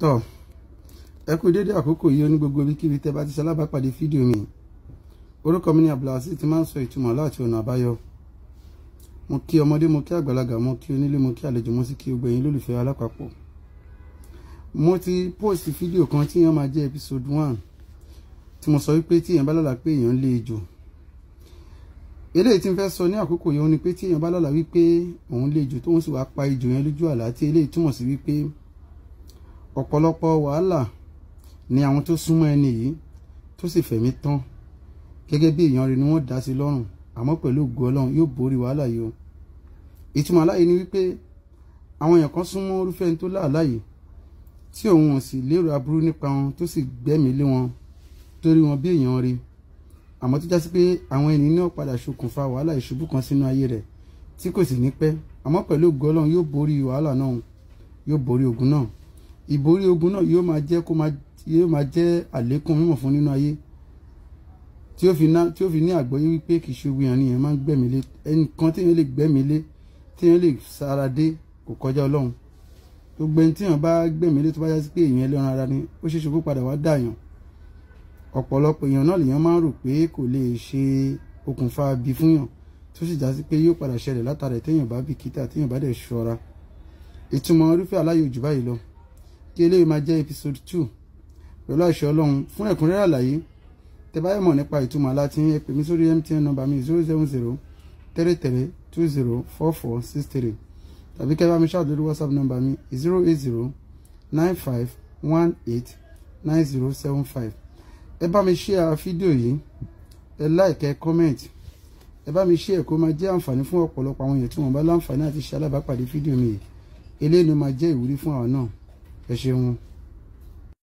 tọ́ ẹ kú dédé àkókò yìí oní gbogbo ibikíbi tẹ́ bá ti ṣalábàápàdé fídíò mi orúkọ mi ni Abdulhasis ti máa ń sọ ìtumọ̀ láti ọ̀nà àbáyọ mo kí ọmọdé mo kí àgbàlagbà mo kí onílé mo kí àlejò mo sì kí gbogbo ẹ̀yin lólùfẹ́ alápapọ̀ mo ti post fídíò kan tí yẹn máa jẹ́ episode one tí mo sọ wípé tí èèyàn bá lálà pé èèyàn lé ejò eléyìí tí n fẹ́ sọ ní àkókò yẹn ó ní pé tí èèyàn bá lálà wípé òun lé ejò tóun sì wá pa ejò yẹn lójú àlá tí eléyìí túmọ̀ sí wípé ọ̀pọ̀lọpọ̀ wàhálà ni àwọn tó súnmọ́ ẹni yìí tó sì fẹ̀mí tán gẹ́gẹ́ bí èèyàn rẹ̀ ni wọ́n dá sí lọ́rùn àmọ́ pẹ̀lú ògo ọlọ́run yóò borí wàhálà yìí o ìtumọ̀ aláyé ni wípé àwọn èèyàn kan súnmọ́ orúfẹ́ ẹni tó láàlá yìí tí òun ò sì lérò aburú nípa wọn tó sì gbẹ́mìí lé wọn torí wọn bí èèyàn rẹ̀ àmọ́ tó jásí pé àwọn ẹni náà padà ṣokùnfà wàhálà ìṣubú kan sínú ayé rẹ̀ tí kò sì ní pẹ́ àmọ́ pẹ̀lú ògo ọlọ́run yóò borí wàhálà náà yóò borí ogun náà ìborí ogun náà yóò máa jẹ́ kó máa yóò máa jẹ́ àlékún mímọ̀ fún nínú ayé tí ó fi ná tí ó fi ní àgbọ́yé wípé kì í ṣe ogun yẹn nìyẹn máa ń gbẹ̀mí lé ẹnìkan tí èèyàn lè gbẹ̀mí lé tí èèyàn lè sára dé kò kọjá ọlọ́run gbogbo ẹni tí èèyàn bá gbẹ̀mí lé tó bá jásí pé èèyàn ẹlẹ́ran ara ni ó ṣeéṣe kó padà wá dààyàn ọ̀pọ̀lọpọ̀ èèyàn náà lèèyàn máa ń rò pé kò lè ṣe okùnfà bí fúnyàn tó sì jásí pé yóò padà ṣẹlẹ̀ látara téèyàn bá bìkítà téèyàn bá dẹ̀ ṣọ́ra ìtumọ̀ irúfẹ́ aláyòjù báyìí lọ kí eléyìí máa jẹ́ episode two pẹ̀lú àṣẹ ọlọ́run fún ẹ̀kúnrẹ́rẹ́ àlàyé tẹ́ mọ̀ nípa ìtumọ̀ láti ẹ pè mí sórí mtn number mi zero seven zero three three two zero four four six three tàbí kẹ́ bá mi ṣáà whatsapp number mi zero eight zero nine five one eight nine zero seven five ẹ bá mi share fídíò yìí ẹ like ẹ comment ẹ bá mi share kó máa jẹ́ àǹfààní fún ọ̀pọ̀lọpọ̀ àwọn èèyàn tí wọ́n bá láǹfààní àti ṣe alábàápàdé fídíò mi yìí eléyìí ló máa jẹ́ ìwúrí fún àwọn náà um